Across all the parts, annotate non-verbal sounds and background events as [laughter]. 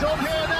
Job here now.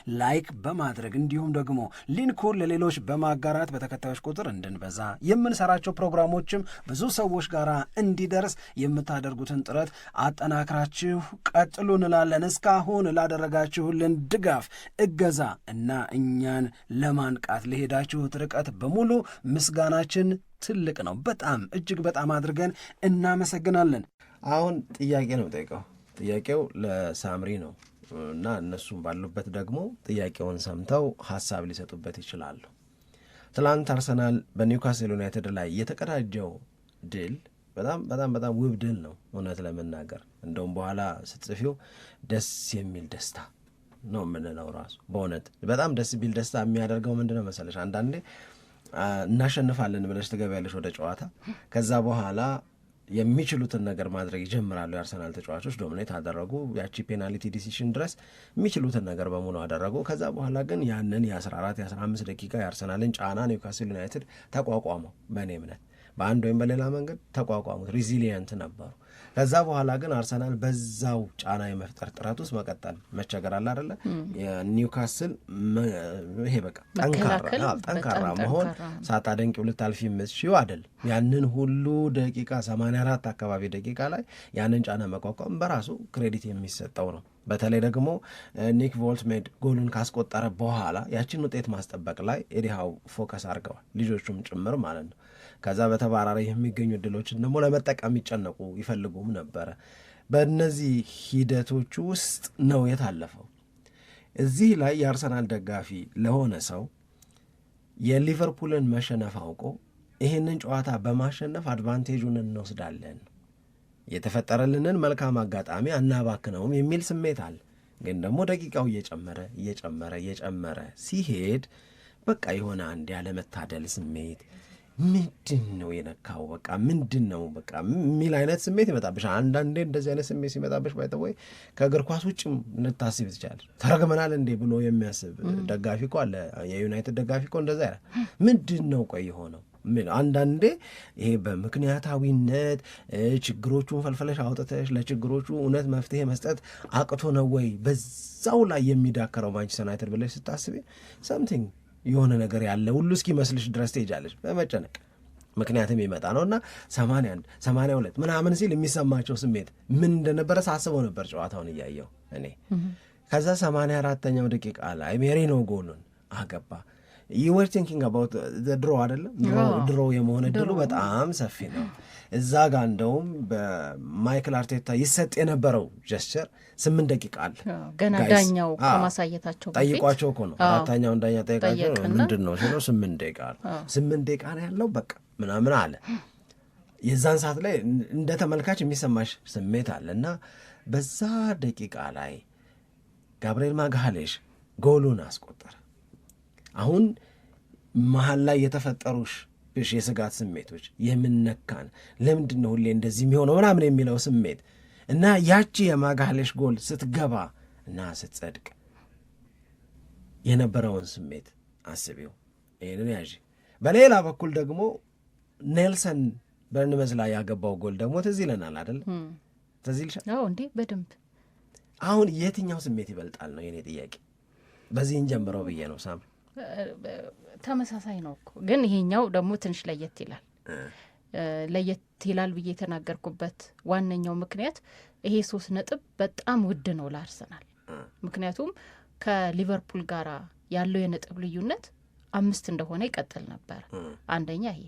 ላይክ በማድረግ እንዲሁም ደግሞ ሊንኩን ለሌሎች በማጋራት በተከታዮች ቁጥር እንድንበዛ የምንሰራቸው ፕሮግራሞችም ብዙ ሰዎች ጋር እንዲደርስ የምታደርጉትን ጥረት አጠናክራችሁ ቀጥሉ እንላለን። እስካሁን ላደረጋችሁልን ድጋፍ፣ እገዛ እና እኛን ለማንቃት ለሄዳችሁት ርቀት በሙሉ ምስጋናችን ትልቅ ነው። በጣም እጅግ በጣም አድርገን እናመሰግናለን። አሁን ጥያቄ ነው ጠይቀው ጥያቄው ለሳምሪ ነው። እና እነሱም ባሉበት ደግሞ ጥያቄውን ሰምተው ሀሳብ ሊሰጡበት ይችላሉ። ትላንት አርሰናል በኒውካስል ዩናይትድ ላይ የተቀዳጀው ድል በጣም በጣም በጣም ውብ ድል ነው። እውነት ለመናገር እንደውም በኋላ ስትጽፊው ደስ የሚል ደስታ ነው የምንለው ራሱ በእውነት በጣም ደስ የሚል ደስታ የሚያደርገው ምንድነው መሰለሽ አንዳንዴ እናሸንፋለን ብለሽ ትገቢያለሽ ወደ ጨዋታ ከዛ በኋላ የሚችሉትን ነገር ማድረግ ይጀምራሉ። የአርሰናል ተጫዋቾች ዶሚኔት አደረጉ። ያቺ ፔናልቲ ዲሲሽን ድረስ የሚችሉትን ነገር በሙሉ አደረጉ። ከዛ በኋላ ግን ያንን የ14 የ15 ደቂቃ የአርሰናልን ጫና ኒውካስል ዩናይትድ ተቋቋመው በእኔ እምነት በአንድ ወይም በሌላ መንገድ ተቋቋሙት፣ ሪዚሊየንት ነበሩ። ከዛ በኋላ ግን አርሰናል በዛው ጫና የመፍጠር ጥረት ውስጥ መቀጠል መቸገር አለ አደለ። ኒውካስል ይሄ በቃ ጠንካራ መሆን አልፊ ምስ ሺው አደል። ያንን ሁሉ ደቂቃ 84 አካባቢ ደቂቃ ላይ ያንን ጫና መቋቋም በራሱ ክሬዲት የሚሰጠው ነው። በተለይ ደግሞ ኒክ ቮልትሜድ ጎሉን ካስቆጠረ በኋላ ያችን ውጤት ማስጠበቅ ላይ ኤዲሃው ፎከስ አድርገዋል፣ ልጆቹም ጭምር ማለት ነው። ከዛ በተባራሪ የሚገኙ እድሎችን ደግሞ ለመጠቀም ይጨነቁ ይፈልጉም ነበረ። በእነዚህ ሂደቶች ውስጥ ነው የታለፈው። እዚህ ላይ የአርሰናል ደጋፊ ለሆነ ሰው የሊቨርፑልን መሸነፍ አውቆ ይህንን ጨዋታ በማሸነፍ አድቫንቴጁን እንወስዳለን፣ የተፈጠረልንን መልካም አጋጣሚ አናባክነውም የሚል ስሜት አለ። ግን ደግሞ ደቂቃው እየጨመረ እየጨመረ እየጨመረ ሲሄድ በቃ የሆነ አንድ ያለመታደል ስሜት ምንድን ነው የነካው በቃ ምንድን ነው በቃ የሚል አይነት ስሜት ይመጣብሽ። አንዳንዴ እንደዚህ አይነት ስሜት ሲመጣብሽ ወይ ከእግር ኳስ ውጭም እንታስብ ትችላለሽ። ተረግመናል እንዴ ብሎ የሚያስብ ደጋፊ እኮ አለ። የዩናይትድ ደጋፊ እኮ እንደዛ ያለ ምንድን ነው ቆይ የሆነው አንዳንዴ ይሄ በምክንያታዊነት ችግሮቹን ፈልፈለሽ አውጥተሽ ለችግሮቹ እውነት መፍትሄ መስጠት አቅቶ ነው ወይ በዛው ላይ የሚዳከረው ማንቸስተር ዩናይትድ ብለሽ ስታስቤ ሰምቲንግ የሆነ ነገር ያለ ሁሉ እስኪመስልሽ ድረስ ትሄጃለች በመጨነቅ ምክንያትም ይመጣ ነው እና ሰማንያ አንድ ሰማንያ ሁለት ምናምን ሲል የሚሰማቸው ስሜት ምን እንደነበረ ሳስበው ነበር ጨዋታውን እያየው እኔ። ከዛ ሰማንያ አራተኛው ደቂቃ ላይ ነው ጎሉን አገባ። ዩ ወር ቲንኪንግ አባውት ድሮ አይደለም ድሮ የመሆን እድሉ በጣም ሰፊ ነው። እዛ ጋ እንደውም በማይክል አርቴታ ይሰጥ የነበረው ጀስቸር ስምንት ደቂቃ አለ። ገና ዳኛው ከማሳየታቸው ጠይቋቸው እኮ ነው አራተኛውን ዳኛ ጠይቃቸው ምንድን ነው ሲለው ስምንት ደቂቃ አለ። ስምንት ደቂቃ ነው ያለው በቃ ምናምን አለ። የዛን ሰዓት ላይ እንደ ተመልካች የሚሰማሽ ስሜት አለ እና በዛ ደቂቃ ላይ ጋብርኤል ማግሃሌሽ ጎሉን አስቆጠረ። አሁን መሀል ላይ የተፈጠሩሽ የስጋት ስሜቶች የምንነካን ለምንድን ነው ሁሌ እንደዚህ የሚሆነው ምናምን የሚለው ስሜት እና ያቺ የማጋለሽ ጎል ስትገባ እና ስትጸድቅ የነበረውን ስሜት አስቢው። ይህንን ያዥ። በሌላ በኩል ደግሞ ኔልሰን በርንመዝ ላይ ያገባው ጎል ደግሞ ትዝ ይለናል አደለ? ትዝ ይልሻል እንዴ? በደንብ አሁን የትኛው ስሜት ይበልጣል ነው የኔ ጥያቄ። በዚህን ጀምረው ብዬ ነው ሳም ተመሳሳይ ነው እኮ ግን ይሄኛው ደግሞ ትንሽ ለየት ይላል። ለየት ይላል ብዬ የተናገርኩበት ዋነኛው ምክንያት ይሄ ሶስት ነጥብ በጣም ውድ ነው ለአርሰናል። ምክንያቱም ከሊቨርፑል ጋራ ያለው የነጥብ ልዩነት አምስት እንደሆነ ይቀጥል ነበር። አንደኛ ይሄ፣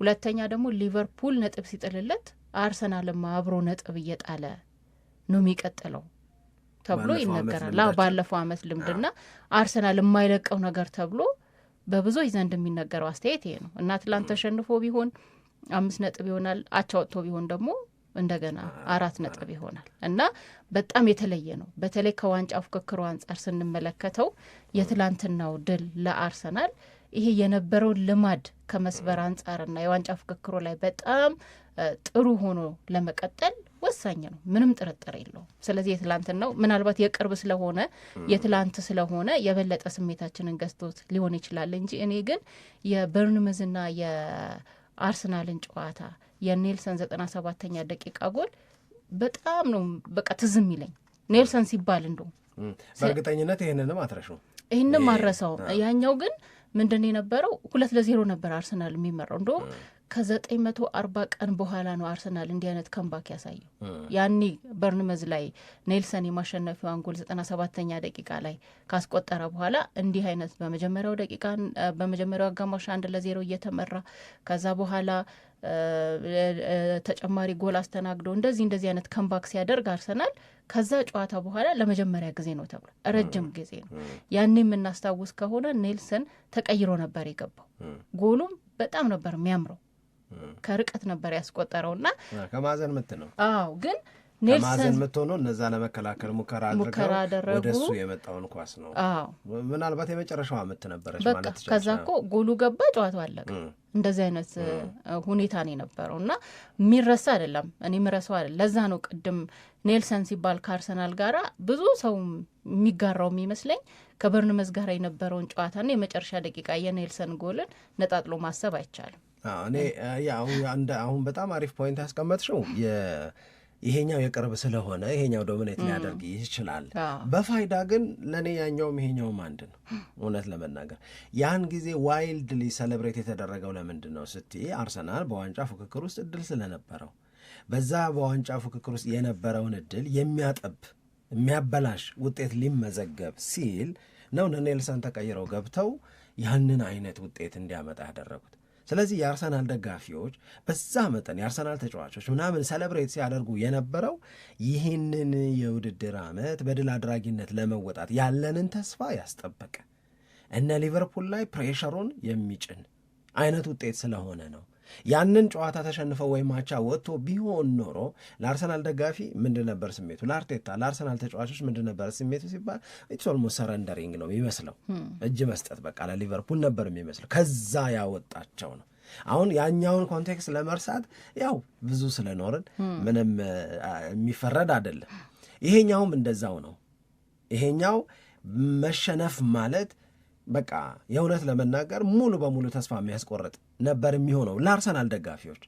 ሁለተኛ ደግሞ ሊቨርፑል ነጥብ ሲጥልለት አርሰናልም አብሮ ነጥብ እየጣለ ነው የሚቀጥለው። ተብሎ ይነገራል። ባለፈው አመት ልምድና አርሰናል የማይለቀው ነገር ተብሎ በብዙዎች ዘንድ የሚነገረው አስተያየት ይሄ ነው እና ትላንት ተሸንፎ ቢሆን አምስት ነጥብ ይሆናል። አቻ ወጥቶ ቢሆን ደግሞ እንደገና አራት ነጥብ ይሆናል እና በጣም የተለየ ነው። በተለይ ከዋንጫ ፉክክሩ አንጻር ስንመለከተው የትላንትናው ድል ለአርሰናል ይሄ የነበረውን ልማድ ከመስበር አንጻርና የዋንጫ ፉክክሩ ላይ በጣም ጥሩ ሆኖ ለመቀጠል ወሳኝ ነው፣ ምንም ጥርጥር የለውም። ስለዚህ ነው ምናልባት የቅርብ ስለሆነ የትላንት ስለሆነ የበለጠ ስሜታችንን ገዝቶት ሊሆን ይችላል እንጂ እኔ ግን የበርንምዝና የአርሰናልን ጨዋታ የኔልሰን ዘጠና ሰባተኛ ደቂቃ ጎል በጣም ነው በቃ ትዝም ይለኝ ኔልሰን ሲባል እንደውም በእርግጠኝነት ይህንንም አትረሽው ይህንም አረሰው ያኛው ግን ምንድን የነበረው ሁለት ለዜሮ ነበር አርሰናል የሚመራው እንደውም ከዘ9መቶ አርባ ቀን በኋላ ነው አርሰናል እንዲህ አይነት ከምባክ ያሳየው። ያኔ በርንመዝ ላይ ኔልሰን የማሸነፊዋን ጎል ዘጠና ሰባተኛ ደቂቃ ላይ ካስቆጠረ በኋላ እንዲህ አይነት በመጀመሪያው ደቂቃ በመጀመሪያው አጋማሽ አንድ ለዜሮ እየተመራ ከዛ በኋላ ተጨማሪ ጎል አስተናግዶ እንደዚህ እንደዚህ አይነት ከምባክ ሲያደርግ አርሰናል ከዛ ጨዋታ በኋላ ለመጀመሪያ ጊዜ ነው ተብሏል። ረጅም ጊዜ ነው። ያኔ የምናስታውስ ከሆነ ኔልሰን ተቀይሮ ነበር የገባው። ጎሉም በጣም ነበር የሚያምረው። ከርቀት ነበር ያስቆጠረው እና ከማዘን ምት ነው። አዎ ግን ኔልሰን ሆኖ እነዛ ለመከላከል ሙከራ ሙከራ አደረጉ። ወደ እሱ የመጣውን ኳስ ነው። አዎ ምናልባት የመጨረሻዋ ምት ነበረች ማለት ይቻላል። ከዛ ኮ ጎሉ ገባ፣ ጨዋታው አለቀ። እንደዚህ አይነት ሁኔታ ነው የነበረው እና የሚረሳ አይደለም። እኔ ምረሰው አይደለም። ለዛ ነው ቅድም ኔልሰን ሲባል ከአርሰናል ጋራ ብዙ ሰው የሚጋራው የሚመስለኝ ከበርንመዝ ጋር የነበረውን ጨዋታና የመጨረሻ ደቂቃ የኔልሰን ጎልን ነጣጥሎ ማሰብ አይቻልም። እኔ ያው አሁን በጣም አሪፍ ፖይንት ያስቀመጥሽው ይሄኛው የቅርብ ስለሆነ ይሄኛው ዶሚኔት ሊያደርግ ይችላል። በፋይዳ ግን ለእኔ ያኛውም ይሄኛውም አንድ ነው። እውነት ለመናገር ያን ጊዜ ዋይልድ ሰለብሬት የተደረገው ለምንድን ነው ስቲ አርሰናል በዋንጫ ፉክክር ውስጥ እድል ስለነበረው በዛ በዋንጫ ፉክክር ውስጥ የነበረውን እድል የሚያጠብ የሚያበላሽ ውጤት ሊመዘገብ ሲል ነው ነኔልሰን ተቀይረው ገብተው ያንን አይነት ውጤት እንዲያመጣ ያደረጉት። ስለዚህ የአርሰናል ደጋፊዎች በዛ መጠን የአርሰናል ተጫዋቾች ምናምን ሰለብሬት ሲያደርጉ የነበረው ይህንን የውድድር ዓመት በድል አድራጊነት ለመወጣት ያለንን ተስፋ ያስጠበቀ እነ ሊቨርፑል ላይ ፕሬሸሩን የሚጭን አይነት ውጤት ስለሆነ ነው ያንን ጨዋታ ተሸንፈው ወይም አቻ ወጥቶ ቢሆን ኖሮ ለአርሰናል ደጋፊ ምንድን ነበር ስሜቱ? ለአርቴታ ለአርሰናል ተጫዋቾች ምንድን ነበር ስሜቱ ሲባል ኢትስ ኦልሞስት ሰረንደሪንግ ነው የሚመስለው። hmm. እጅ መስጠት በቃ ለሊቨርፑል ነበር የሚመስለው። ከዛ ያወጣቸው ነው። አሁን ያኛውን ኮንቴክስት ለመርሳት ያው ብዙ ስለኖርን hmm. ምንም የሚፈረድ አይደለም። ይሄኛውም እንደዛው ነው። ይሄኛው መሸነፍ ማለት በቃ የእውነት ለመናገር ሙሉ በሙሉ ተስፋ የሚያስቆርጥ ነበር የሚሆነው ለአርሰናል ደጋፊዎች።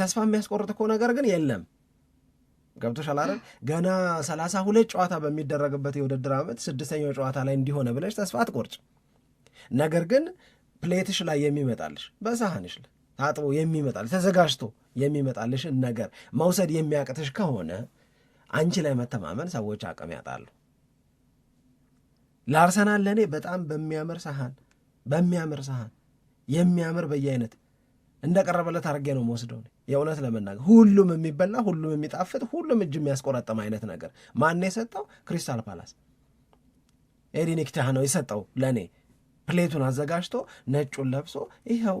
ተስፋ የሚያስቆርጥ እኮ ነገር ግን የለም። ገብቶሻል አይደል? ገና ሰላሳ ሁለት ጨዋታ በሚደረግበት የውድድር ዓመት ስድስተኛው ጨዋታ ላይ እንዲሆነ ብለሽ ተስፋ አትቆርጭ። ነገር ግን ፕሌትሽ ላይ የሚመጣልሽ በሳህንሽ ታጥቦ የሚመጣልሽ ተዘጋጅቶ የሚመጣልሽን ነገር መውሰድ የሚያቅትሽ ከሆነ አንቺ ላይ መተማመን ሰዎች አቅም ያጣሉ። ለአርሰናል ለእኔ በጣም በሚያምር ሰሃን በሚያምር ሰሃን የሚያምር በየአይነት እንደቀረበለት አድርጌ ነው መወስደው። የእውነት ለመናገር ሁሉም የሚበላ ሁሉም የሚጣፍጥ ሁሉም እጅ የሚያስቆረጠም አይነት ነገር ማን የሰጠው? ክሪስታል ፓላስ ኤዲ ንኬቲያ ነው የሰጠው። ለእኔ ፕሌቱን አዘጋጅቶ ነጩን ለብሶ ይኸው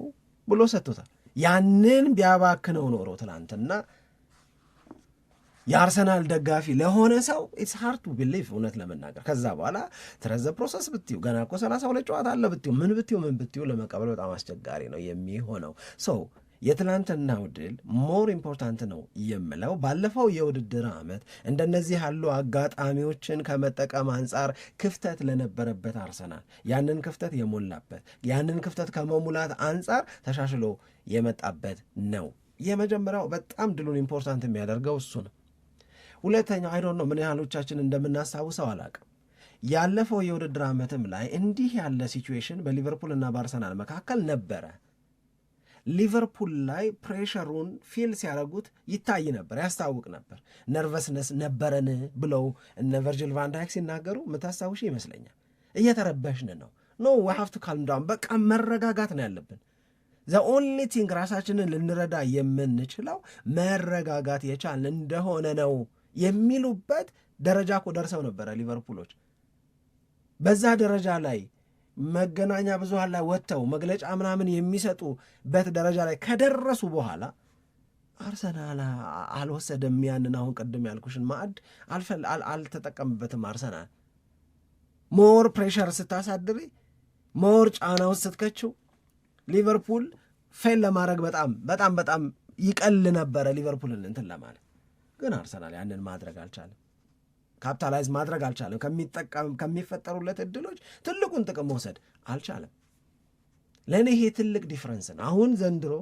ብሎ ሰጥቶታል። ያንን ቢያባክነው ኖሮ ትላንትና የአርሰናል ደጋፊ ለሆነ ሰው ኢትስ ሃርድ ቱ ቢሊቭ እውነት ለመናገር ከዛ በኋላ ትረዘ ፕሮሰስ ብትዩ ገና እኮ ሰላሳ ሁለት ጨዋታ አለ ብትዩ ምን ብትዩ ምን ብትዩ ለመቀበል በጣም አስቸጋሪ ነው የሚሆነው ሰው የትላንትናው ድል ሞር ኢምፖርታንት ነው የምለው ባለፈው የውድድር ዓመት እንደነዚህ ያሉ አጋጣሚዎችን ከመጠቀም አንጻር ክፍተት ለነበረበት አርሰናል ያንን ክፍተት የሞላበት ያንን ክፍተት ከመሙላት አንጻር ተሻሽሎ የመጣበት ነው። የመጀመሪያው በጣም ድሉን ኢምፖርታንት የሚያደርገው እሱ ነው። ሁለተኛው አይዶን ነው ምን ያህሎቻችን እንደምናስታውሰው አላቅም። ያለፈው የውድድር ዓመትም ላይ እንዲህ ያለ ሲቹዌሽን በሊቨርፑል እና በአርሰናል መካከል ነበረ። ሊቨርፑል ላይ ፕሬሸሩን ፊል ሲያደርጉት ይታይ ነበር፣ ያስታውቅ ነበር። ነርቨስነስ ነበረን ብለው እነ ቨርጅል ቫንዳይክ ሲናገሩ የምታስታውሽ ይመስለኛል። እየተረበሽን ነው ኖ ሀፍቱ ካልምዳውን በቃ መረጋጋት ነው ያለብን። ዘ ኦንሊ ቲንግ ራሳችንን ልንረዳ የምንችለው መረጋጋት የቻልን እንደሆነ ነው የሚሉበት ደረጃ እኮ ደርሰው ነበረ ሊቨርፑሎች። በዛ ደረጃ ላይ መገናኛ ብዙሃን ላይ ወጥተው መግለጫ ምናምን የሚሰጡበት ደረጃ ላይ ከደረሱ በኋላ አርሰናል አልወሰደም ያንን አሁን ቅድም ያልኩሽን ማዕድ አልተጠቀምበትም። አርሰናል ሞር ፕሬሸር ስታሳድሪ ሞር ጫና ውስጥ ስትከችው ሊቨርፑል ፌል ለማድረግ በጣም በጣም በጣም ይቀል ነበረ ሊቨርፑልን እንትን ለማለት ግን አርሰናል ያንን ማድረግ አልቻለም፣ ካፒታላይዝ ማድረግ አልቻለም። ከሚጠቀም ከሚፈጠሩለት እድሎች ትልቁን ጥቅም መውሰድ አልቻለም። ለእኔ ይሄ ትልቅ ነው። አሁን ዘንድሮ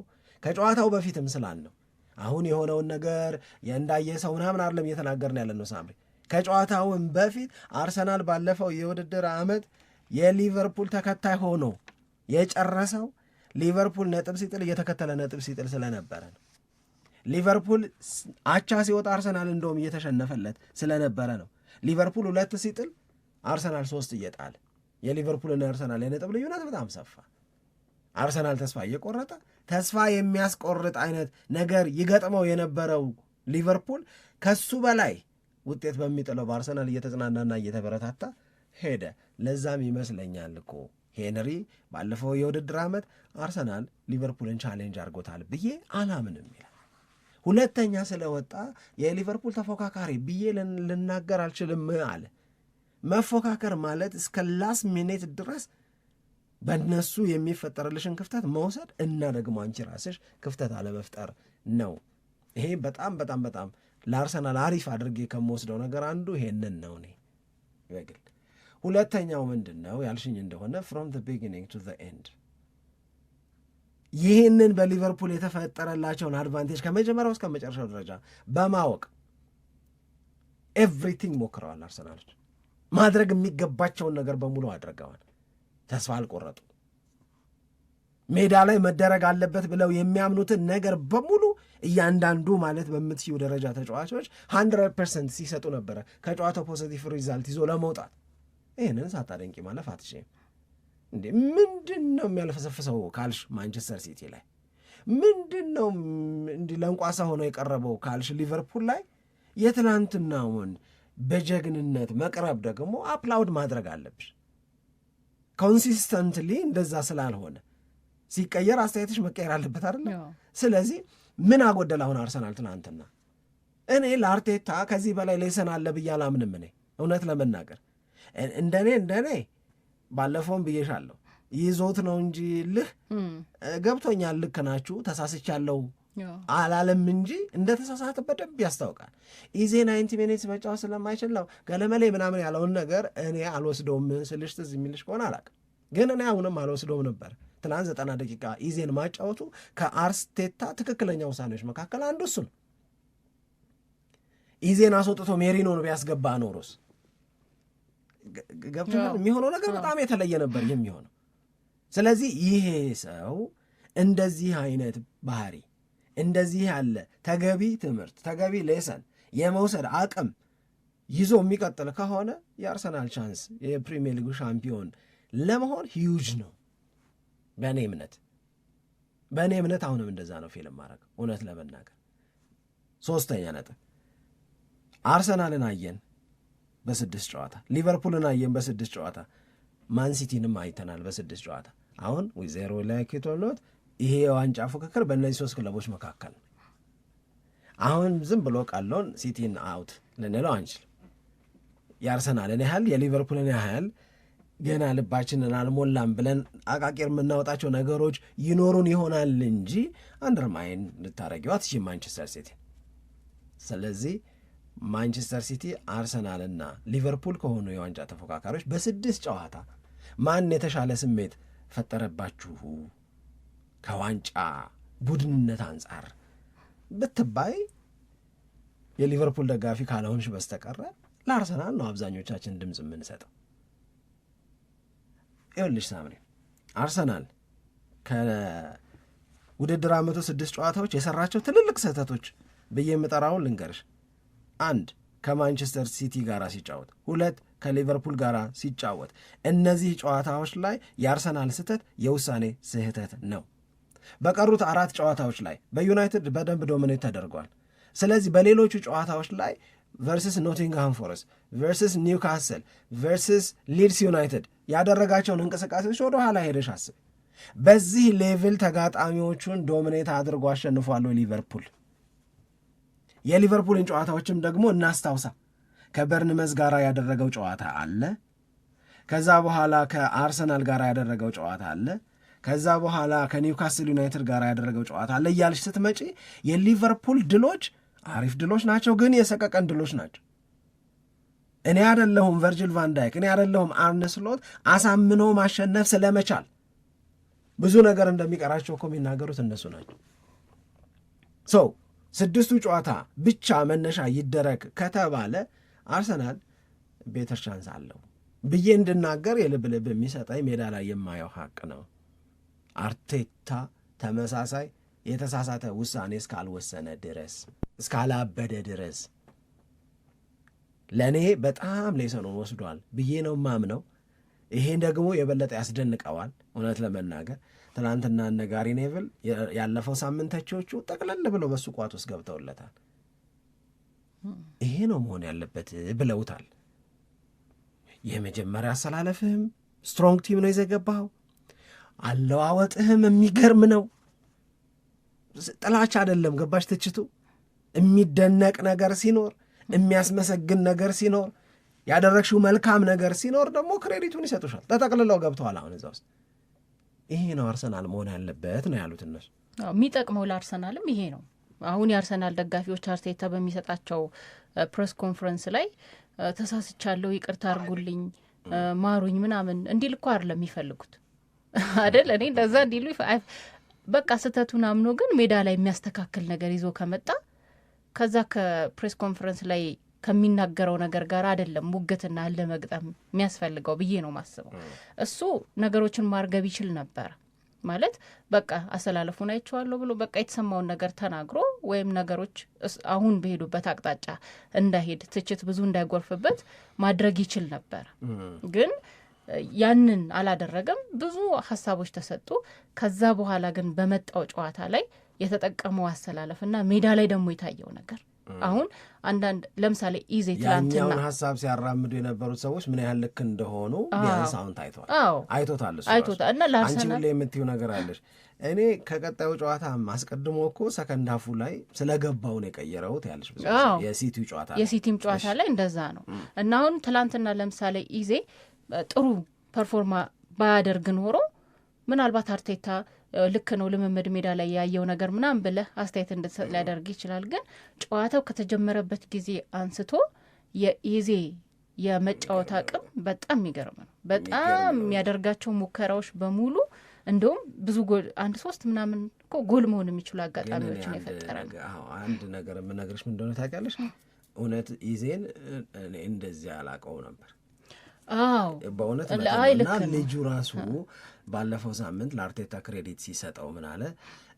ከጨዋታው በፊትም ስላል ነው አሁን የሆነውን ነገር የእንዳየ ሰው ምናምን አይደለም እየተናገርን ያለ ነው ሳምሪ ከጨዋታውን በፊት አርሰናል ባለፈው የውድድር ዓመት የሊቨርፑል ተከታይ ሆኖ የጨረሰው ሊቨርፑል ነጥብ ሲጥል እየተከተለ ነጥብ ሲጥል ስለነበረ ነው። ሊቨርፑል አቻ ሲወጣ አርሰናል እንደውም እየተሸነፈለት ስለነበረ ነው። ሊቨርፑል ሁለት ሲጥል አርሰናል ሶስት እየጣለ የሊቨርፑልና የአርሰናል የነጥብ ልዩነት በጣም ሰፋ። አርሰናል ተስፋ እየቆረጠ ተስፋ የሚያስቆርጥ አይነት ነገር ይገጥመው የነበረው ሊቨርፑል ከሱ በላይ ውጤት በሚጥለው በአርሰናል እየተጽናናና እየተበረታታ ሄደ። ለዛም ይመስለኛል እኮ ሄንሪ ባለፈው የውድድር ዓመት አርሰናል ሊቨርፑልን ቻሌንጅ አድርጎታል ብዬ አላምንም። ሁለተኛ ስለወጣ የሊቨርፑል ተፎካካሪ ብዬ ልናገር አልችልም አለ። መፎካከር ማለት እስከ ላስ ሚኒት ድረስ በነሱ የሚፈጠርልሽን ክፍተት መውሰድ እና ደግሞ አንቺ ራስሽ ክፍተት አለመፍጠር ነው። ይሄ በጣም በጣም በጣም ለአርሰናል አሪፍ አድርጌ ከምወስደው ነገር አንዱ ይሄንን ነው እኔ በግል። ሁለተኛው ምንድን ነው ያልሽኝ እንደሆነ ፍሮም ቢግኒንግ ቱ ኤንድ ይህንን በሊቨርፑል የተፈጠረላቸውን አድቫንቴጅ ከመጀመሪያው እስከ መጨረሻው ደረጃ በማወቅ ኤቭሪቲንግ ሞክረዋል። አርሰናሎች ማድረግ የሚገባቸውን ነገር በሙሉ አድርገዋል። ተስፋ አልቆረጡ። ሜዳ ላይ መደረግ አለበት ብለው የሚያምኑትን ነገር በሙሉ እያንዳንዱ ማለት በምትዩ ደረጃ ተጫዋቾች ሀንድረድ ፐርሰንት ሲሰጡ ነበረ ከጨዋታው ፖዘቲቭ ሪዛልት ይዞ ለመውጣት ይህንን ሳታደንቂ ማለፍ አትችም። እንዴ ምንድን ነው የሚያልፈሰፍሰው ካልሽ ማንቸስተር ሲቲ ላይ ምንድን ነው እንዲህ ለንቋሳ ሆኖ የቀረበው ካልሽ ሊቨርፑል ላይ የትናንትናውን በጀግንነት መቅረብ ደግሞ አፕላውድ ማድረግ አለብሽ። ኮንሲስተንትሊ እንደዛ ስላልሆነ ሲቀየር አስተያየትሽ መቀየር አለበት አይደለ? ስለዚህ ምን አጎደል አሁን አርሰናል ትናንትና? እኔ ለአርቴታ ከዚህ በላይ ሌሰን አለ ብዬ አላምንም። እኔ እውነት ለመናገር እንደኔ እንደኔ ባለፈውም ብዬሻለሁ ይዞት ነው እንጂ ልህ ገብቶኛል፣ ልክ ናችሁ፣ ተሳስቻለሁ አላለም እንጂ እንደ ተሳሳተ በደንብ ያስታውቃል። ኢዜ ናይንቲ ሚኒትስ መጫወት ስለማይችል ነው ገለመሌ ምናምን ያለውን ነገር እኔ አልወስደውም ስልሽ ትዝ የሚልሽ ከሆነ አላውቅም፣ ግን እኔ አሁንም አልወስደውም ነበር። ትናንት ዘጠና ደቂቃ ኢዜን ማጫወቱ ከአርስቴታ ትክክለኛ ውሳኔዎች መካከል አንዱ እሱ ነው። ኢዜን አስወጥቶ ሜሪኖን ቢያስገባ ኖሮስ ገብቶሃል? የሚሆነው ነገር በጣም የተለየ ነበር የሚሆነው። ስለዚህ ይሄ ሰው እንደዚህ አይነት ባህሪ እንደዚህ ያለ ተገቢ ትምህርት ተገቢ ሌሰን የመውሰድ አቅም ይዞ የሚቀጥል ከሆነ የአርሰናል ቻንስ የፕሪሚየር ሊጉ ሻምፒዮን ለመሆን ሂዩጅ ነው በእኔ እምነት በእኔ እምነት አሁንም እንደዛ ነው ፊልም ማድረግ እውነት ለመናገር ሶስተኛ ነጥብ አርሰናልን አየን በስድስት ጨዋታ ሊቨርፑልን አየን በስድስት ጨዋታ ማንሲቲንም አይተናል በስድስት ጨዋታ አሁን ዜሮ ላይ ይሄ የዋንጫ ፉክክር በእነዚህ ሶስት ክለቦች መካከል አሁን ዝም ብሎ ቃለውን ሲቲን አውት ልንለው አንችልም። የአርሰናልን ያህል የሊቨርፑልን ያህል ገና ልባችንን አልሞላም ብለን አቃቂር የምናወጣቸው ነገሮች ይኖሩን ይሆናል እንጂ አንድርማይን ልታረጊዋ ሺ ማንቸስተር ሲቲ ስለዚህ ማንቸስተር ሲቲ፣ አርሰናል እና ሊቨርፑል ከሆኑ የዋንጫ ተፎካካሪዎች በስድስት ጨዋታ ማን የተሻለ ስሜት ፈጠረባችሁ ከዋንጫ ቡድንነት አንጻር ብትባይ የሊቨርፑል ደጋፊ ካልሆንሽ በስተቀረ ለአርሰናል ነው አብዛኞቻችን ድምፅ የምንሰጠው። ይኸውልሽ ሳምሪ አርሰናል ከውድድር ዓመቱ ስድስት ጨዋታዎች የሰራቸው ትልልቅ ስህተቶች ብዬ የምጠራውን ልንገርሽ አንድ ከማንቸስተር ሲቲ ጋር ሲጫወት፣ ሁለት ከሊቨርፑል ጋር ሲጫወት፣ እነዚህ ጨዋታዎች ላይ የአርሰናል ስህተት የውሳኔ ስህተት ነው። በቀሩት አራት ጨዋታዎች ላይ በዩናይትድ በደንብ ዶሚኔት ተደርጓል። ስለዚህ በሌሎቹ ጨዋታዎች ላይ ቨርስስ ኖቲንግሃም ፎረስት ቨርስስ ኒውካስል ቨርስስ ሊድስ ዩናይትድ ያደረጋቸውን እንቅስቃሴዎች ወደ ኋላ ሄደሽ አስብ። በዚህ ሌቭል ተጋጣሚዎቹን ዶሚኔት አድርጎ አሸንፏለሁ ሊቨርፑል። የሊቨርፑልን ጨዋታዎችም ደግሞ እናስታውሳ። ከበርንመዝ ጋር ያደረገው ጨዋታ አለ። ከዛ በኋላ ከአርሰናል ጋር ያደረገው ጨዋታ አለ። ከዛ በኋላ ከኒውካስል ዩናይትድ ጋር ያደረገው ጨዋታ አለ እያልሽ ስትመጪ የሊቨርፑል ድሎች አሪፍ ድሎች ናቸው፣ ግን የሰቀቀን ድሎች ናቸው። እኔ አደለሁም ቨርጅል ቫንዳይክ፣ እኔ አደለሁም አርነ ስሎት አሳምኖ ማሸነፍ ስለመቻል ብዙ ነገር እንደሚቀራቸው እኮ የሚናገሩት እነሱ ናቸው። ስድስቱ ጨዋታ ብቻ መነሻ ይደረግ ከተባለ አርሰናል ቤተር ቻንስ አለው ብዬ እንድናገር የልብ ልብ የሚሰጠኝ ሜዳ ላይ የማየው ሀቅ ነው። አርቴታ ተመሳሳይ የተሳሳተ ውሳኔ እስካልወሰነ ድረስ እስካላበደ ድረስ ለእኔ በጣም ሌሰኖን ወስዷል ብዬ ነው ማምነው። ይሄን ደግሞ የበለጠ ያስደንቀዋል። እውነት ለመናገር ትናንትና እነ ጋሪ ኔቭል ያለፈው ሳምንተቾቹ ጠቅለል ብለው በሱ ቋት ውስጥ ገብተውለታል። ይሄ ነው መሆን ያለበት ብለውታል። የመጀመሪያ አሰላለፍህም ስትሮንግ ቲም ነው የዘገባኸው። አለዋወጥህም የሚገርም ነው። ጥላች አይደለም ገባሽ? ትችቱ የሚደነቅ ነገር ሲኖር፣ የሚያስመሰግን ነገር ሲኖር ያደረግሽው መልካም ነገር ሲኖር ደግሞ ክሬዲቱን ይሰጡሻል። ተጠቅልለው ገብተዋል አሁን እዛ ውስጥ። ይሄ ነው አርሰናል መሆን ያለበት ነው ያሉት እነሱ። የሚጠቅመው ለአርሰናልም ይሄ ነው። አሁን የአርሰናል ደጋፊዎች አርቴታ በሚሰጣቸው ፕሬስ ኮንፈረንስ ላይ ተሳስቻለሁ፣ ይቅርታ አርጉልኝ፣ ማሩኝ ምናምን እንዲል እኮ አይደለም የሚፈልጉት [laughs] አይደል? እኔ እንደዛ እንዲሉ በቃ ስህተቱን አምኖ ግን ሜዳ ላይ የሚያስተካክል ነገር ይዞ ከመጣ ከዛ ከፕሬስ ኮንፈረንስ ላይ ከሚናገረው ነገር ጋር አይደለም ሙግትና ለመግጠም የሚያስፈልገው ብዬ ነው ማስበው። እሱ ነገሮችን ማርገብ ይችል ነበር ማለት በቃ አሰላለፉን አይቼዋለሁ ብሎ በቃ የተሰማውን ነገር ተናግሮ ወይም ነገሮች አሁን በሄዱበት አቅጣጫ እንዳይሄድ ትችት ብዙ እንዳይጎርፍበት ማድረግ ይችል ነበር ግን ያንን አላደረገም። ብዙ ሀሳቦች ተሰጡ። ከዛ በኋላ ግን በመጣው ጨዋታ ላይ የተጠቀመው አሰላለፍና ሜዳ ላይ ደግሞ የታየው ነገር አሁን አንዳንድ ለምሳሌ ኢዜ ትላንትና ሀሳብ ሲያራምዱ የነበሩት ሰዎች ምን ያህል ልክ እንደሆኑ ቢያንስ አሁን ታይተዋል፣ አይቶታል አይቶታል። እና ለአርሰናል አንቺ የምትይው ነገር አለሽ። እኔ ከቀጣዩ ጨዋታ አስቀድሞ እኮ ሰከንዳፉ ላይ ስለገባው ነው የቀየረውት ያለሽ ብዙ የሲቲው ጨዋታ የሲቲም ጨዋታ ላይ እንደዛ ነው። እና አሁን ትላንትና ለምሳሌ ኢዜ ጥሩ ፐርፎርማ ባያደርግ ኖሮ ምናልባት አርቴታ ልክ ነው ልምምድ ሜዳ ላይ ያየው ነገር ምናምን ብለህ አስተያየት እንድትሰጥ ሊያደርግ ይችላል። ግን ጨዋታው ከተጀመረበት ጊዜ አንስቶ የኢዜ የመጫወት አቅም በጣም የሚገርም ነው። በጣም የሚያደርጋቸው ሙከራዎች በሙሉ እንደውም ብዙ ጎል አንድ ሶስት ምናምን እኮ ጎል መሆን የሚችሉ አጋጣሚዎችን የፈጠረ ነው። አንድ ነገር የምነግርሽ ምን እንደሆነ ታውቂያለሽ? እውነት ኢዜን እንደዚህ አላውቀው ነበር። አዎ በእውነት ልክ ልጁ ራሱ ባለፈው ሳምንት ለአርቴታ ክሬዲት ሲሰጠው ምን አለ?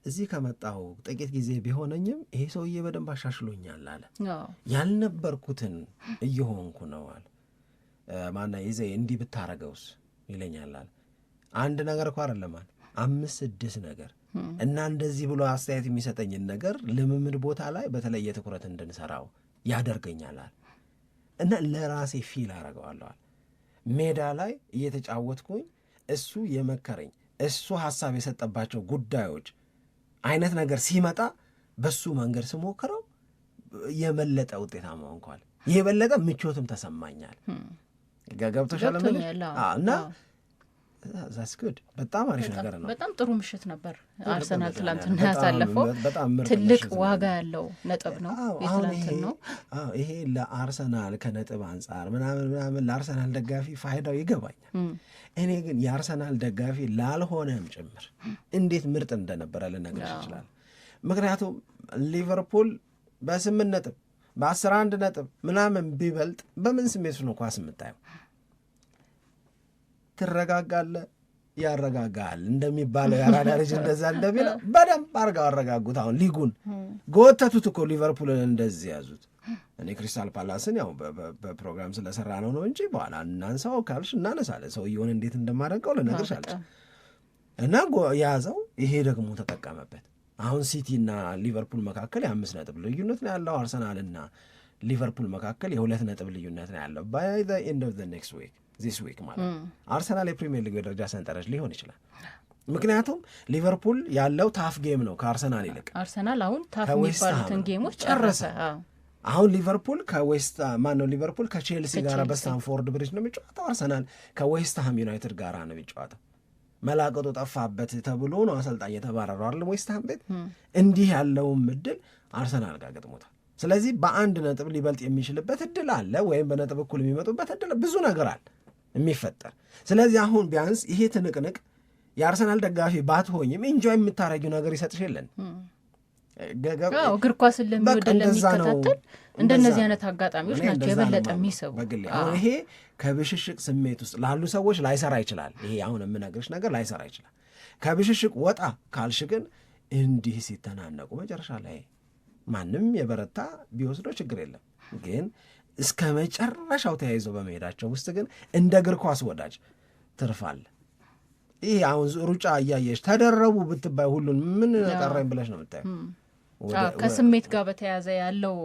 እዚህ ከመጣሁ ጥቂት ጊዜ ቢሆነኝም ይሄ ሰውዬ በደንብ አሻሽሎኛል አለ። ያልነበርኩትን እየሆንኩ ነው አለ። ማና ይዘይ እንዲህ ብታረገውስ ይለኛል አለ። አንድ ነገር እኮ አይደለም አለ፣ አምስት ስድስት ነገር እና እንደዚህ ብሎ አስተያየት የሚሰጠኝን ነገር ልምምድ ቦታ ላይ በተለየ ትኩረት እንድንሰራው ያደርገኛል አለ እና ለራሴ ፊል አረገዋለዋል ሜዳ ላይ እየተጫወትኩኝ እሱ የመከረኝ እሱ ሀሳብ የሰጠባቸው ጉዳዮች አይነት ነገር ሲመጣ በሱ መንገድ ስሞክረው የበለጠ ውጤታማ ሆንኳል። የበለጠ ምቾትም ተሰማኛል። ገብቶሻል እና ዛስ ጉድ በጣም አሪፍ ነገር ነው። በጣም ጥሩ ምሽት ነበር አርሰናል ትላንትና ያሳለፈው ትልቅ ዋጋ ያለው ነጥብ ነው የትላንትን ነው። ይሄ ለአርሰናል ከነጥብ አንጻር ምናምን ምናምን ለአርሰናል ደጋፊ ፋይዳው ይገባኛል። እኔ ግን የአርሰናል ደጋፊ ላልሆነም ጭምር እንዴት ምርጥ እንደነበረ ልነግርሽ ይችላል። ምክንያቱም ሊቨርፑል በስምንት ነጥብ በአስራ አንድ ነጥብ ምናምን ቢበልጥ በምን ስሜት ነው ኳስ የምታየው? ትረጋጋለ ያረጋጋል እንደሚባለው የአራዳ ልጅ እንደዛ እንደሚለው በደንብ አርገው አረጋጉት። አሁን ሊጉን ጎተቱት እኮ ሊቨርፑልን እንደዚህ ያዙት። እኔ ክሪስታል ፓላስን ያው በፕሮግራም ስለሰራ ነው ነው እንጂ በኋላ እናንሳው ካልሽ እናነሳለን። ሰውየውን እንዴት እንደማደንቀው ልነግርሽ አለች እና ያዘው። ይሄ ደግሞ ተጠቀመበት። አሁን ሲቲና ሊቨርፑል መካከል የአምስት ነጥብ ልዩነት ነው ያለው። አርሰናልና ሊቨርፑል መካከል የሁለት ነጥብ ልዩነት ነው ያለው ባይ ኤንድ ኦፍ ኔክስት ዊክ ዚስ ዊክ ማለት አርሰናል የፕሪሚየር ሊግ ደረጃ ሰንጠረዥ ሊሆን ይችላል። ምክንያቱም ሊቨርፑል ያለው ታፍ ጌም ነው ከአርሰናል ይልቅ። አርሰናል አሁን ታፍ የሚባሉትን ጌሞች ጨረሰ። አሁን ሊቨርፑል ከዌስት ማን ነው ሊቨርፑል ከቼልሲ ጋር በስታንፎርድ ብሪጅ ነው የሚጫወተው። አርሰናል ከዌስትሃም ዩናይትድ ጋር ነው የሚጫወተው። መላቀጡ ጠፋበት ተብሎ ነው አሰልጣኝ የተባረሩ አለ ዌስትሃም ቤት። እንዲህ ያለውም እድል አርሰናል ጋር ገጥሞታል። ስለዚህ በአንድ ነጥብ ሊበልጥ የሚችልበት እድል አለ፣ ወይም በነጥብ እኩል የሚመጡበት እድል ብዙ ነገር አለ። የሚፈጠር። ስለዚህ አሁን ቢያንስ ይሄ ትንቅንቅ የአርሰናል ደጋፊ ባትሆኝም ኢንጆይ የምታረጊው ነገር ይሰጥሽ የለን እግር ኳስን ለሚወድ ለሚከታተል እንደነዚህ አይነት አጋጣሚዎች ናቸው የበለጠ የሚሰቡ። ይሄ ከብሽሽቅ ስሜት ውስጥ ላሉ ሰዎች ላይሰራ ይችላል። ይሄ አሁን የምነግርሽ ነገር ላይሰራ ይችላል። ከብሽሽቅ ወጣ ካልሽ ግን እንዲህ ሲተናነቁ መጨረሻ ላይ ማንም የበረታ ቢወስዶ ችግር የለም ግን እስከ መጨረሻው ተያይዘው በመሄዳቸው ውስጥ ግን እንደ እግር ኳስ ወዳጅ ትርፋል። ይህ አሁን ሩጫ እያየሽ ተደረቡ ብትባይ ሁሉን ምን ቀረኝ ብለሽ ነው የምታየው። ከስሜት ጋር በተያያዘ ያለው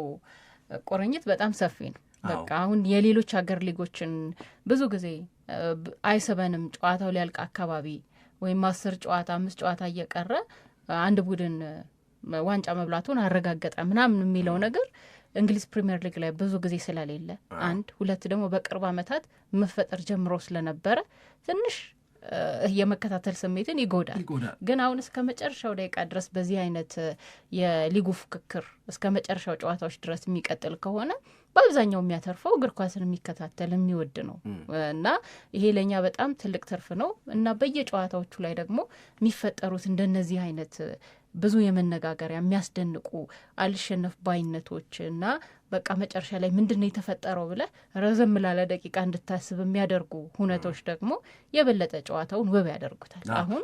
ቁርኝት በጣም ሰፊ ነው። በቃ አሁን የሌሎች ሀገር ሊጎችን ብዙ ጊዜ አይስበንም። ጨዋታው ሊያልቅ አካባቢ ወይም አስር ጨዋታ አምስት ጨዋታ እየቀረ አንድ ቡድን ዋንጫ መብላቱን አረጋገጠ ምናምን የሚለው ነገር እንግሊዝ ፕሪምየር ሊግ ላይ ብዙ ጊዜ ስለሌለ አንድ ሁለት ደግሞ በቅርብ ዓመታት መፈጠር ጀምሮ ስለነበረ ትንሽ የመከታተል ስሜትን ይጎዳል። ግን አሁን እስከ መጨረሻው ደቂቃ ድረስ በዚህ አይነት የሊጉ ፍክክር እስከ መጨረሻው ጨዋታዎች ድረስ የሚቀጥል ከሆነ በአብዛኛው የሚያተርፈው እግር ኳስን የሚከታተል የሚወድ ነው እና ይሄ ለእኛ በጣም ትልቅ ትርፍ ነው እና በየጨዋታዎቹ ላይ ደግሞ የሚፈጠሩት እንደነዚህ አይነት ብዙ የመነጋገሪያ የሚያስደንቁ አልሸነፍ ባይነቶች እና በቃ መጨረሻ ላይ ምንድን ነው የተፈጠረው ብለ ረዘም ላለ ደቂቃ እንድታስብ የሚያደርጉ ሁነቶች ደግሞ የበለጠ ጨዋታውን ውብ ያደርጉታል። አሁን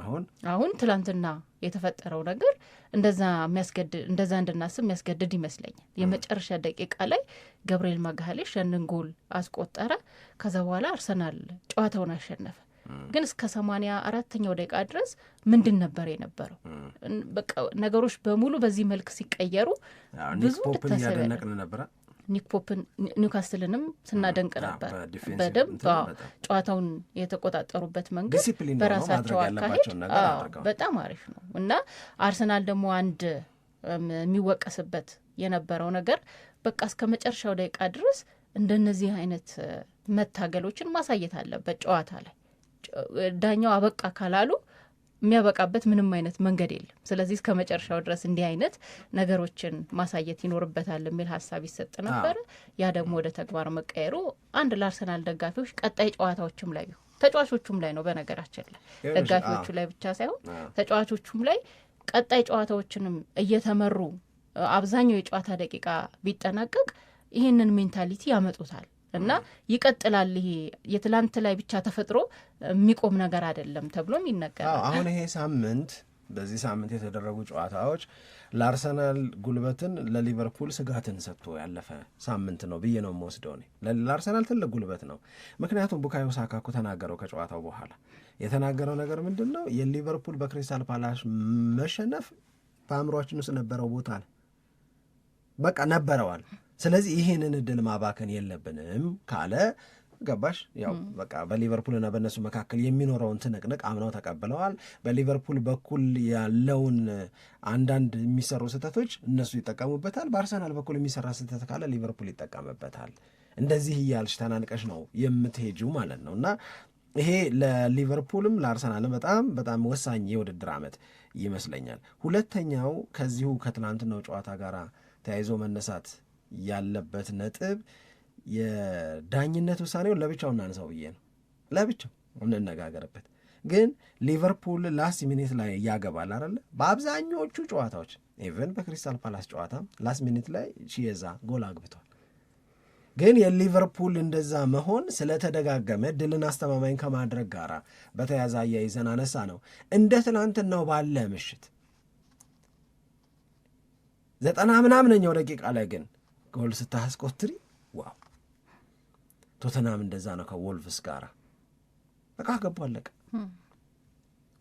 አሁን አሁን ትላንትና የተፈጠረው ነገር እንደዛ የሚያስገድድ እንደዛ እንድናስብ የሚያስገድድ ይመስለኛል። የመጨረሻ ደቂቃ ላይ ገብርኤል ማጋሌሽ ያንን ጎል አስቆጠረ። ከዛ በኋላ አርሰናል ጨዋታውን አሸነፈ። ግን እስከ ሰማንያ አራተኛው ደቂቃ ድረስ ምንድን ነበር የነበረው? በቃ ነገሮች በሙሉ በዚህ መልክ ሲቀየሩ ብዙ ነበረ። ኒክ ፖፕን ኒውካስትልንም ስናደንቅ ነበር። በደንብ ጨዋታውን የተቆጣጠሩበት መንገድ በራሳቸው አካሄድ በጣም አሪፍ ነው እና አርሰናል ደግሞ አንድ የሚወቀስበት የነበረው ነገር በቃ እስከ መጨረሻው ደቂቃ ድረስ እንደነዚህ አይነት መታገሎችን ማሳየት አለበት ጨዋታ ላይ ዳኛው አበቃ ካላሉ የሚያበቃበት ምንም አይነት መንገድ የለም። ስለዚህ እስከ መጨረሻው ድረስ እንዲህ አይነት ነገሮችን ማሳየት ይኖርበታል የሚል ሀሳብ ይሰጥ ነበር። ያ ደግሞ ወደ ተግባር መቀየሩ አንድ ለአርሰናል ደጋፊዎች ቀጣይ ጨዋታዎችም ላይ ተጫዋቾቹም ላይ ነው። በነገራችን ላይ ደጋፊዎቹ ላይ ብቻ ሳይሆን ተጫዋቾቹም ላይ ቀጣይ ጨዋታዎችንም እየተመሩ አብዛኛው የጨዋታ ደቂቃ ቢጠናቀቅ ይህንን ሜንታሊቲ ያመጡታል። እና ይቀጥላል። ይሄ የትላንት ላይ ብቻ ተፈጥሮ የሚቆም ነገር አይደለም ተብሎም ይነገራል። አሁን ይሄ ሳምንት በዚህ ሳምንት የተደረጉ ጨዋታዎች ለአርሰናል ጉልበትን ለሊቨርፑል ስጋትን ሰጥቶ ያለፈ ሳምንት ነው ብዬ ነው የምወስደው። እኔ ለአርሰናል ትልቅ ጉልበት ነው። ምክንያቱም ቡካዮ ሳካ እኮ ተናገረው ከጨዋታው በኋላ የተናገረው ነገር ምንድን ነው? የሊቨርፑል በክሪስታል ፓላስ መሸነፍ በአእምሯችን ውስጥ ነበረው ቦታ በቃ ነበረዋል ስለዚህ ይሄንን እድል ማባከን የለብንም ካለ ገባሽ ያው በቃ በሊቨርፑልና በእነሱ መካከል የሚኖረውን ትንቅንቅ አምነው ተቀብለዋል። በሊቨርፑል በኩል ያለውን አንዳንድ የሚሰሩ ስህተቶች እነሱ ይጠቀሙበታል። በአርሰናል በኩል የሚሰራ ስህተት ካለ ሊቨርፑል ይጠቀምበታል። እንደዚህ እያልሽ ተናንቀሽ ነው የምትሄጂው ማለት ነው እና ይሄ ለሊቨርፑልም ለአርሰናልም በጣም በጣም ወሳኝ የውድድር ዓመት ይመስለኛል። ሁለተኛው ከዚሁ ከትናንትናው ጨዋታ ጋር ተያይዞ መነሳት ያለበት ነጥብ የዳኝነት ውሳኔውን ለብቻው እናነሳው ብዬ ነው። ለብቻው እንነጋገርበት። ግን ሊቨርፑል ላስት ሚኒት ላይ እያገባል አለ። በአብዛኞቹ ጨዋታዎች ኢቨን በክሪስታል ፓላስ ጨዋታ ላስት ሚኒት ላይ ሽየዛ ጎል አግብቷል። ግን የሊቨርፑል እንደዛ መሆን ስለተደጋገመ ድልን አስተማማኝ ከማድረግ ጋር በተያያዘ አያይዘን አነሳ ነው። እንደ ትናንትናው ባለ ምሽት ዘጠና ምናምነኛው ደቂቃ ላይ ግን ጎል ስታስቆትሪ ዋው! ቶተናም እንደዛ ነው ከወልቭስ ጋር በቃ ገባ አለቀ።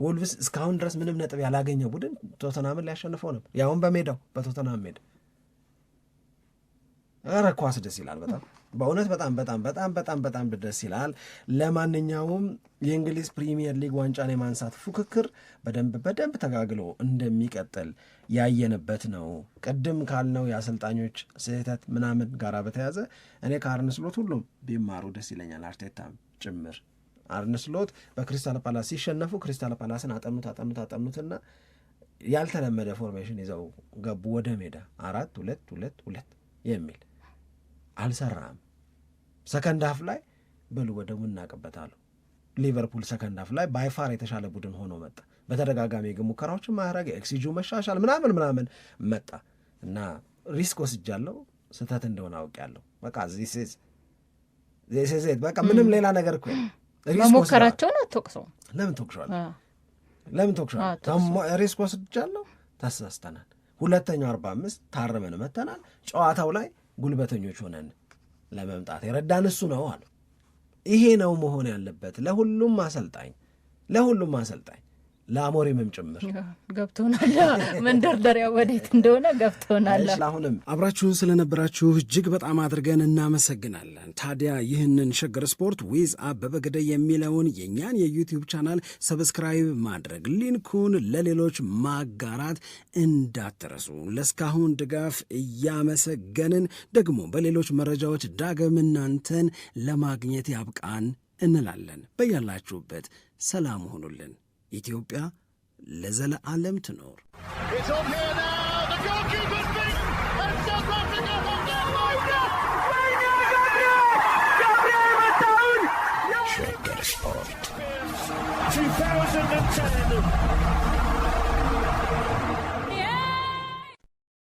ወልቭስ እስካሁን ድረስ ምንም ነጥብ ያላገኘ ቡድን ቶተናምን ሊያሸንፈው ነበር፣ ያውን በሜዳው በቶተናም ሜዳ። ኧረ ኳስ ደስ ይላል በጣም በእውነት በጣም በጣም በጣም በጣም በጣም ደስ ይላል። ለማንኛውም የእንግሊዝ ፕሪሚየር ሊግ ዋንጫን የማንሳት ፉክክር በደንብ በደንብ ተጋግሎ እንደሚቀጥል ያየንበት ነው። ቅድም ካልነው የአሰልጣኞች ስህተት ምናምን ጋር በተያዘ እኔ ከአርነ ስሎት ሁሉም ቢማሩ ደስ ይለኛል፣ አርቴታም ጭምር። አርነ ስሎት በክሪስታል ፓላስ ሲሸነፉ ክሪስታል ፓላስን አጠኑት አጠኑት አጠኑትና ያልተለመደ ፎርሜሽን ይዘው ገቡ ወደ ሜዳ አራት ሁለት ሁለት ሁለት የሚል አልሰራም። ሰከንድ ሀፍ ላይ በሉ ወደ ምናቅበት አሉ። ሊቨርፑል ሰከንድ ሀፍ ላይ ባይፋር የተሻለ ቡድን ሆኖ መጣ። በተደጋጋሚ የግብ ሙከራዎችን ማድረግ የኤክሲጂ መሻሻል ምናምን ምናምን መጣ እና ሪስክ ወስጃለሁ። ስህተት እንደሆነ አውቄያለሁ። በቃ ዚሴዝ በቃ ምንም ሌላ ነገር እኮ መሞከራቸውን አትወቅሰው። ለምን ተወቅሸዋል? ለምን ተወቅሸዋል? ሪስክ ወስጃለሁ። ተሳስተናል። ሁለተኛው አርባ አምስት ታርመን መተናል። ጨዋታው ላይ ጉልበተኞች ሆነን ለመምጣት የረዳን እሱ ነው አሉ። ይሄ ነው መሆን ያለበት ለሁሉም አሰልጣኝ ለሁሉም አሰልጣኝ ለአሞሪምም ጭምር ገብቶናል። መንደርደሪያ ወዴት እንደሆነ ገብቶናል። አሁንም አብራችሁን ስለነበራችሁ እጅግ በጣም አድርገን እናመሰግናለን። ታዲያ ይህንን ሸገር ስፖርት ዊዝ አበበ ግደይ የሚለውን የእኛን የዩቲዩብ ቻናል ሰብስክራይብ ማድረግ፣ ሊንኩን ለሌሎች ማጋራት እንዳትረሱ። ለእስካሁን ድጋፍ እያመሰገንን ደግሞ በሌሎች መረጃዎች ዳግም እናንተን ለማግኘት ያብቃን እንላለን። በያላችሁበት ሰላም ሆኑልን። ኢትዮጵያ ለዘለዓለም ትኖር።